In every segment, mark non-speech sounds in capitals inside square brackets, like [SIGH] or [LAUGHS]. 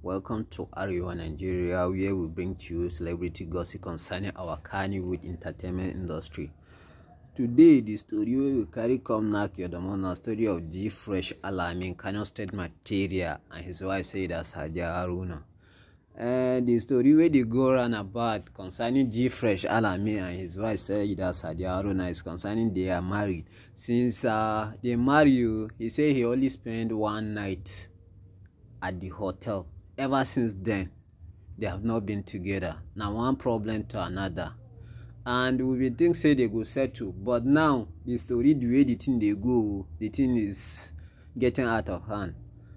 Welcome to ru Nigeria, where we bring to you celebrity gossip concerning our Kannywood entertainment industry. Today, the story we carry come the Kyodamona, story of G Fresh Alamin, Kano State Material, and his wife said as Haja Uh, eh, the story where they go round about concerning G Fresh Alami and his wife Saida Sadia Aruna is concerning they are married. Since uh, they marry you, he said he only spent one night at the hotel ever since then they have not been together Now one problem to another and we bin think say they go settle but now the story the way the thing dey go the thing is getting out of hand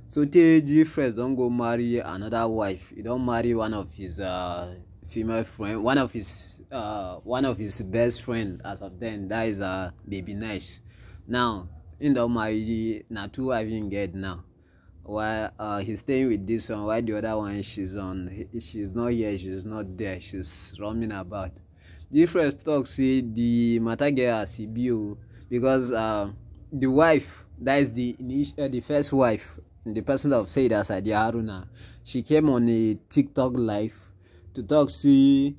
so teji first don go marry another wife he don marry one of his uh, female friend one of his uh, one of his best friend as of then that is uh, baby nice now him don marry na two wife him get now why uh, he's staying with this one why the other one she's on she's not here she's not there she's roaming about difference talk say the matter get as e be o oh, because uh, the wife that is the uh, the first wife the person of said as Sadiya Haruna she came on a TikTok live to talk say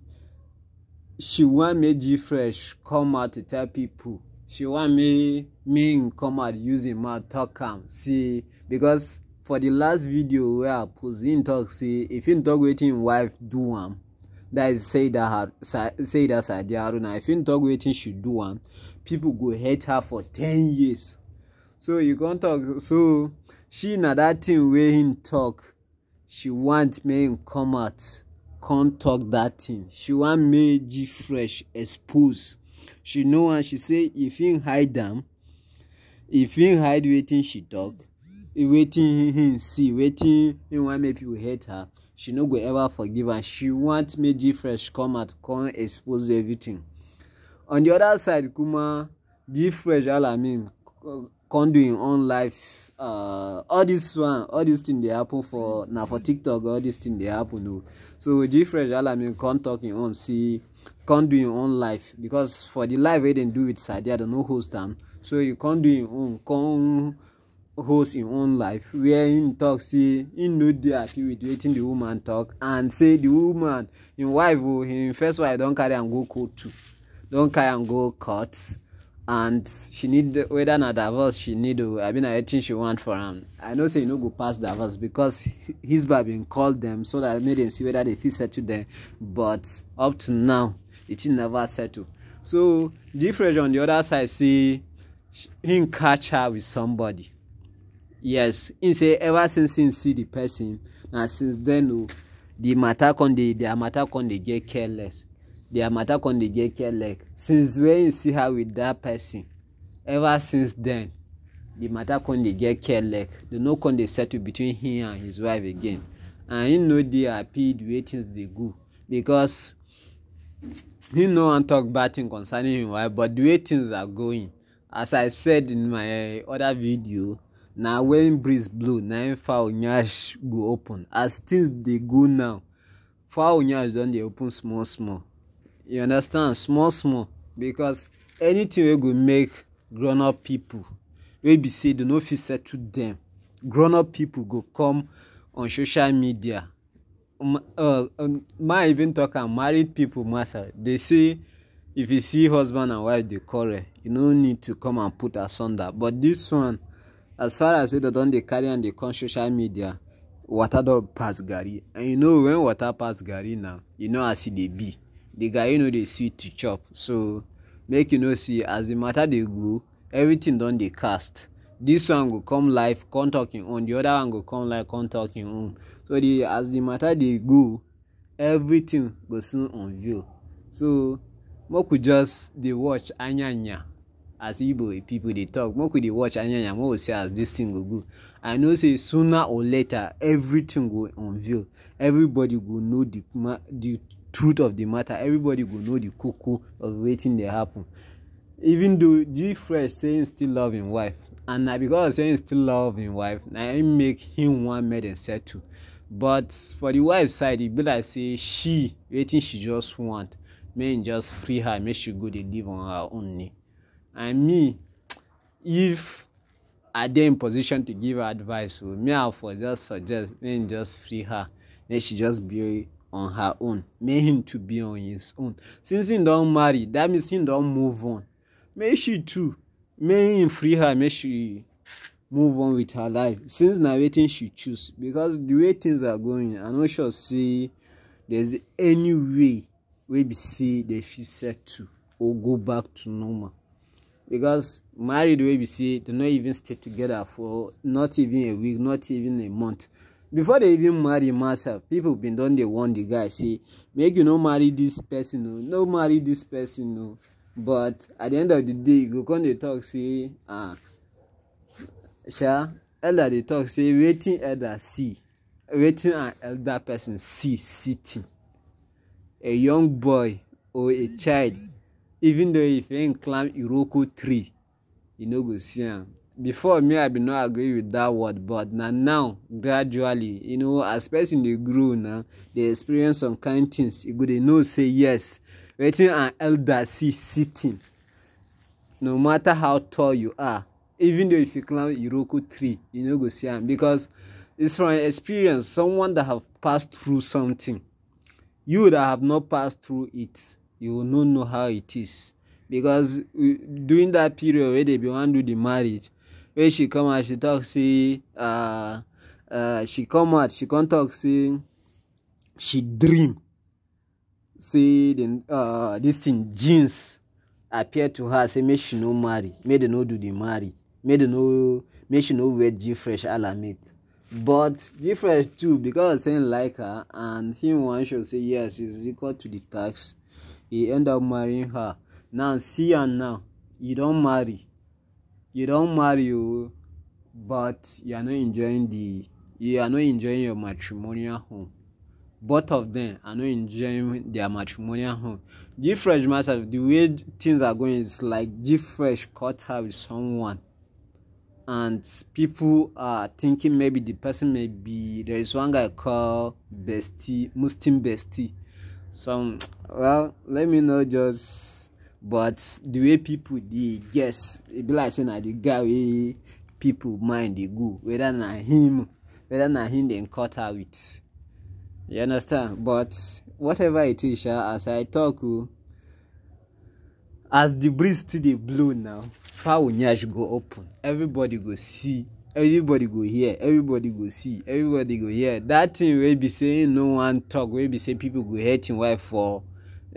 she wan make g come out to tell people she wan make me come out use im mouth talk am see because for the last video wey i post him talk say if him talk wetin him wife do am that is that sadi haruna if him talk wetin she do am people go hate her for ten years so you con talk so she na that thing wey him talk she want make him come out con talk that thing she want make g fresh expose she know am she say if him hide am if him hide wetin she talk wetin him see wetin him wan make people hate her she no go ever forgive am she want make gfresh come out come expose everything on the other side kuma gfresh alamin come do him own life uh, all this one all this thing dey happen for na for tiktok all this thing dey happen o oh. so gfresh alamin come talk him own see come do him own life because for the life wey dem do with sadiya dem no host am so he come do him own come holds im own life wia im tok say im no dey happy wit wetin di woman talk and say di woman im wife o oh, im first wife don carry am go court too don carry am go court and she need whether na divorce she need o oh, abi na wetin she want for am i know say e no go pass divorce becos [LAUGHS] hisba bin call dem so dat make dem see whether dem fit settle dem but up to now di tin never settle so different on the other side say him catch her with somebody yes him say ever since him see the person na since then o oh, the matter come dey their matter come dey get careless their matter come dey get careless since when him see her with that person ever since then the matter come dey get careless they no come dey settle between him and his wife again and him no dey happy the way things dey go because he no wan talk bad thing concerning him wife but the way things are going as i said in my uh, other video na when breeze blow na im fowl nyash go open as things dey go now fowl nyash don dey open small small you understand small small because anything wey go make grown up people wey be say dem no fit settle dem grown up people go come on social media uh, um, ma even talk am married people massa dey say if you see husband and wife dey quarrel you no need to come and put asunder but this one as far as they dem don dey carry am dey come social media water don pass garri and you know when water pass garri now you know as e dey be the garri no dey sweet to chop so make you know say as the matter dey go everything don dey cast this one go come live come talk im own the other one go come live come talk im own so the as the matter dey go everything go soon unveil so make we just dey watch anyanya as igbo pipo dey talk make we dey watch anyanya make we see as dis thing go go i know say sooner or later everything go unveil everybody go know the the truth of the matter everybody go know the koko of wetin dey happen even though g fresh say him still love him wife and na because say him still love him wife na him make him wan make dem settle but for the wife side e be like say she wetin she just want make him just free her make she go dey live on her own and me if i dey in position to give her advice o oh, me i for just suggest make him just free her make she just be on her own make him to be on his own since he don marry that means he don move on make she too make him free her make she move on with her life since na wetin she choose because the way things are going i no sure say there's any way wey be say they fit settle or go back to normal because married wey be say they no even stay together for not even a week not even a month before they even marry myself people been don dey warn the guy say make you no marry this person o oh, no marry this person o oh. but at the end of the day you e go come dey talk say ah sha elder dey talk say wetin elder see wetin an elder person see sitting, a young boy or a child even though if you wan climb iroko tree you no go see am before me i bin no agree with that word but na now gradually you know as person dey grow now dey experience some kind things you go dey know say yes wetin an elder see sitting no matter how tall you are even though if you climb iroko tree you no go see am because it's from experience someone that have passed through something you that have not passed through it you will no know how it is because during that period wey dem bin wan do di marriage wey she come out she talk say uh, "Uh, she come out she come talk say she dream say uh, this thing jeans appear to her say make she no marry make dem no do the marriage make she no wear gfresh alamid but gfresh too because say him like her and him wan show say yes she is equal to the tax he end up marrying her now see and now you don't marry you don't marry you oh, but you are not enjoying the you are not enjoying your matrimonial home both of them are not enjoying their matrimonial home g-fresh myself the way things are going is like g-fresh caught her with someone and people are thinking maybe the person may be there is one guy called bestie Mustim bestie some well let me know just but the way people dey guess e be like say na the guy wey people mind dey go whether na him whether na him dem cut her with you understand but whatever it is sha as i talk o oh, as the breeze still dey blow now fowl nyash go open everybody go see everybody go hear everybody go see everybody go hear That thing wey be say him no wan talk wey be say people go hate him wife for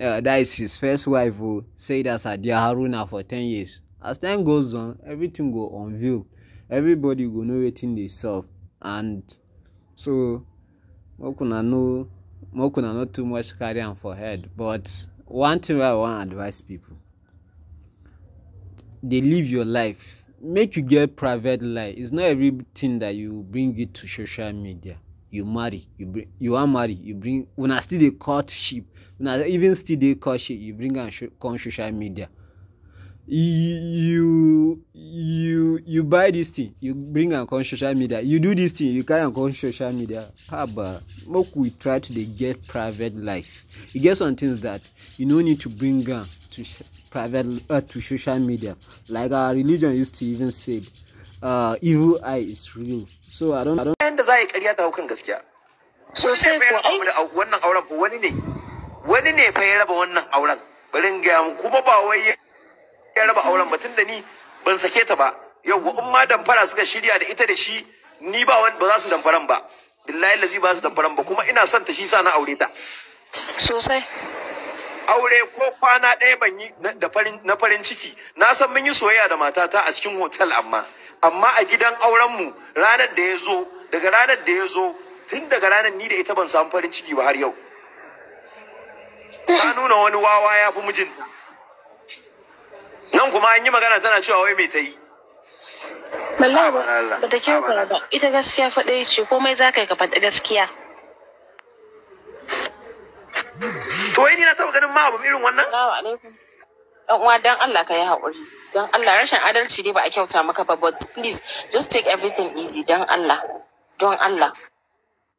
uh, that is his first wife o say dat sadiya haruna for ten years as time goes on everything go unveil everybody go know wetin dey sup and so make una no make una no too much carry am for head but one thing wey i wan advise people dey live your life make you get private life it's not everything that you bring it to social media you marry you bring you are married, you bring When I still a courtship now even still a courtship you bring am come social media you you you buy this thing you bring on, come social media you do this thing you carry on, come social media How about? make we try to get private life You get some things that you no need to bring on to private uh, to social media like our religion used to even say uh, evil eye is real so i don't yanda za a ƙarya ta kan gaskiya sosai ko ai wannan auren wani ne wani ne fa ya raba wannan auren bari in ga kuma ba wai ya raba auren ba tunda ni ban sake ta ba yau in ma damfara suka shirya da ita da shi ni ba wani ba za su damfaran ba billahi lazi ba su damfaran ba kuma ina son ta shi sa na aure ta sosai aure ko kwana ɗaya ban yi na farin ciki na san mun yi soyayya da matata a cikin hotel amma amma a gidan aurenmu ranar da ya zo daga ranar da ya zo tun daga ranar ni da ita ban samu farin ciki ba har yau ta nuna wani wawa ya fi mijinta nan kuma an yi magana tana cewa wai mai ta yi Wallahi ba ta kyau ba ita gaskiya faɗa ce komai za ka yi ka faɗa gaskiya to wai ni na taba ganin ma abu irin wannan dan uwa dan Allah ka yi haƙuri dan Allah rashin adalci ne ba a kyauta maka ba but please just take everything easy dan Allah don Allah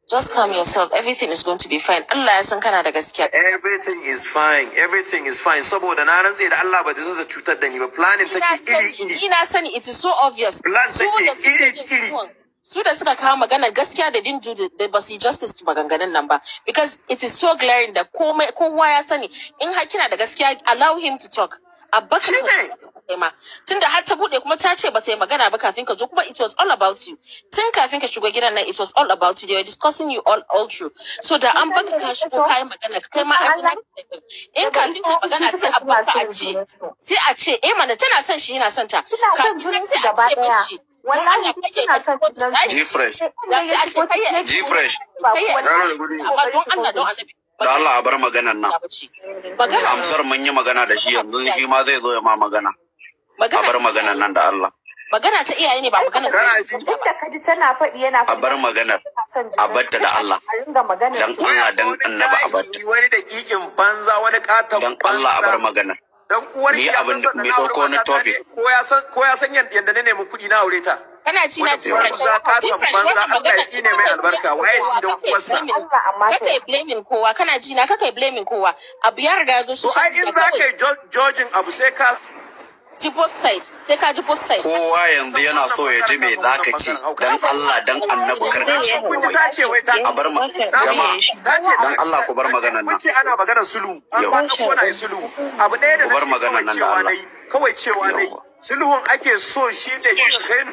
just calm yourself everything is going to be fine Allah ya san kana da gaskiya everything is fine everything is fine saboda na rantse da Allah ba zai da cutar da ni ba planning take iri iri ina sani it is so obvious plan take iri iri so da suka kawo maganar gaskiya da din da ba justice to maganganun nan ba because it is so glaring da komai kowa ya sani in har kina da gaskiya allow him to talk a bakin ma tunda har ta bude kuma ta ce bata yi magana ba kafin ka zo kuma it was all about you tun kafin ka shigo gidan nan it was all about you they were discussing you all all through so da an baka ka shigo kai magana kai ma an in kafin ka magana sai a baka a ce sai a ce eh mana tana son shi yana son ta kafin sai a ce wallahi da Allah a bar maganan nan amsar mun yi magana da shi yanzu shi ma zai zo ya ma magana a bar maganan nan da Allah magana ta iyaye ne ba magana sai duk da kaji tana faɗi yana a bar maganar a batta da Allah dan Allah dan annaba a batta wani dakikin banza wani katon banza dan Allah a bar maganar dan uwar shi ya san me dauko wani topic ko ya san ko ya san yanda ne nemi kuɗi na aure ta kana ci na ci ka za ka san banza kai ya ne mai albarka waye shi dan uwarsa kaka kai blaming kowa kana ji na kaka yi blaming kowa abu ya riga ya zo shi to ai in za ka judging abu sai ka ji sai ka ji both kowa yanzu yana so ya ji me ka ce dan Allah dan annabi karka a bar ma jama'a dan Allah ku bar maganar nan ce ana maganar abu ɗaya da bar maganar nan da Allah kawai cewa ake so shi ne kai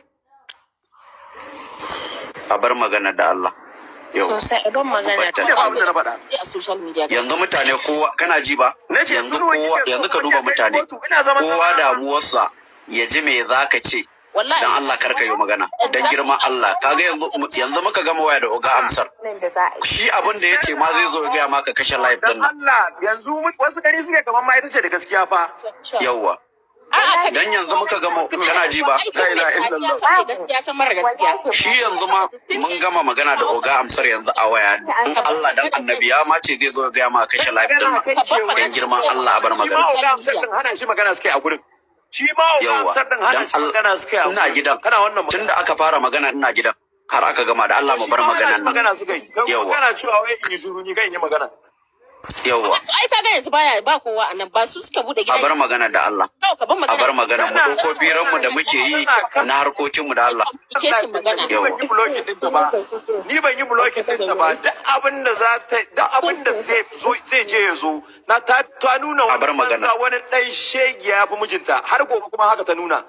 a bar magana da Allah yanzu mutane kowa kana ji ba yanzu kowa yanzu ka duba mutane kowa damuwarsa ya ji me za ka ce dan Allah kar ka yi magana dan girman Allah kaga yanzu yanzu muka gama waya da oga amsar shi abin da yace ma zai zo ya ga maka kashe live din nan Allah yanzu wasu gari suke kaman ma ita ce da gaskiya fa yawa dan yanzu muka gama kana ji ba shi yanzu ma mun gama magana da oga amsar yanzu a waya in Allah dan annabi ya ma ce zai zo ga ma kashe lafiyar dan girman Allah bar magana shi ma oga amsar din hana shi magana suke a gurin shi ma oga amsar din hana shi magana suke a ina gidan kana wannan tunda aka fara magana ina gidan har aka gama da Allah mu bar magana nan yawa kana cewa wai in yi zuru ni ga in yi magana yawwa ai kaga yanzu baya ba kowa anan ba su suka bude a bar magana da Allah a bar magana mu doko biran mu da muke yi na harkokin mu da Allah yawwa ni ban yi blocking din ba duk abin da za ta duk abin da zai zai je ya zo na ta nuna wani dan shegiya ya fi mijinta har gobe kuma haka ta nuna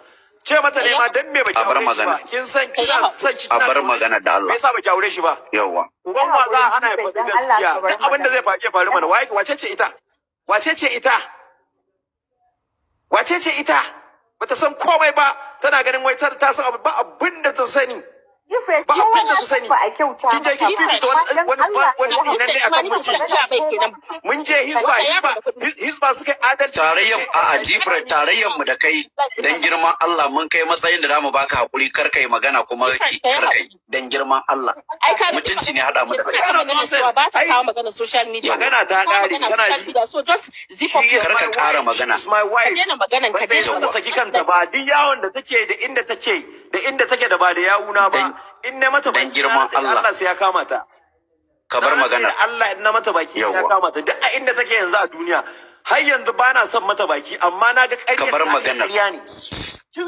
ce mata ne ma dan me baki aure shi ba kin san kin san ki a bar magana da Allah me yasa baki aure shi ba yawa uban ma za ana ya faɗi gaskiya duk abin da zai faɗi faru mana wace wace ce ita wace ce ita wace ce ita bata san komai ba tana ganin wai ta san abu ba abin da ta sani Jifre, sani. Kin je kin fifita wani wani akan mutum. Mun je hisba hisba hisba suka adalci. Tarayyan a a Jifre tarayyan mu da kai dan girman Allah mun kai matsayin da zamu baka hakuri kar kai magana kuma kar kai dan girman Allah. Mutunci ne hada mu da kai. Ba ta kawo magana social media. Magana ta kare kana ji. So kara magana. maganan ka dai. Ba ta kanta ba duk yawon da take da inda take ba da yawuna ba. in na mata baki girman Allah Allah sai ya kama ta ka bar magana Allah in na mata baki ya kama ta duk a inda take yanzu a duniya har yanzu ba na son mata baki amma na ga ƙarya kabar magana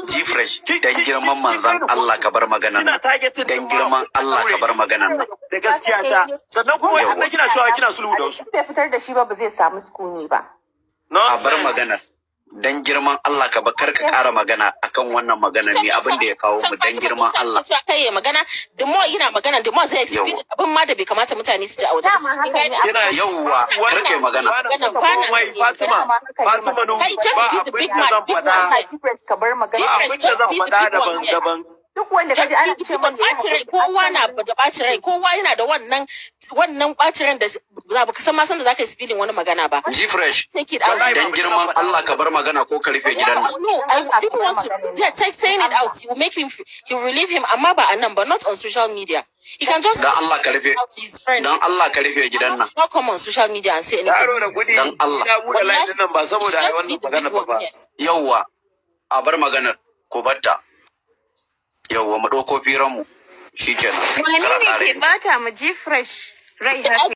ji fresh dan girman manzan Allah kabar magana dan girman Allah kabar magana da gaskiya ta sannan kuma wai kina cewa kina sulhu da wasu bai fitar da shi ba ba zai samu sukuni ba a bar maganar dan girman Allah ka ba kar ka kara magana akan wannan magana ne abin da ya kawo mu dan girman Allah sai kai ya magana the more yana magana the more zai speak abin ma da bai kamata mutane su ji a wajen yana yawwa kar ka yi magana wai Fatima Fatima no ba abin da zan faɗa ba abin da zan faɗa daban daban duk wanda kaji ana ce man ne rai kowa na da ɓaci rai kowa yana da wannan wannan ɓaci ran da za ba san ma san da zaka yi spilling wani magana ba ji fresh dan girman Allah ka bar magana ko ka rufe gidan nan no I didn't want to yeah take saying it out you make him you relieve him amma ba anan ba not on social media He can just dan Allah ka rufe dan Allah ka rufe gidan nan not come on social media and say anything dan Allah wallahi nan ba saboda ai wannan magana ba yauwa a bar maganar ko batta yauwa mu ɗauko firanmu shi kenan. Wani ne ke bata mu ji fresh rai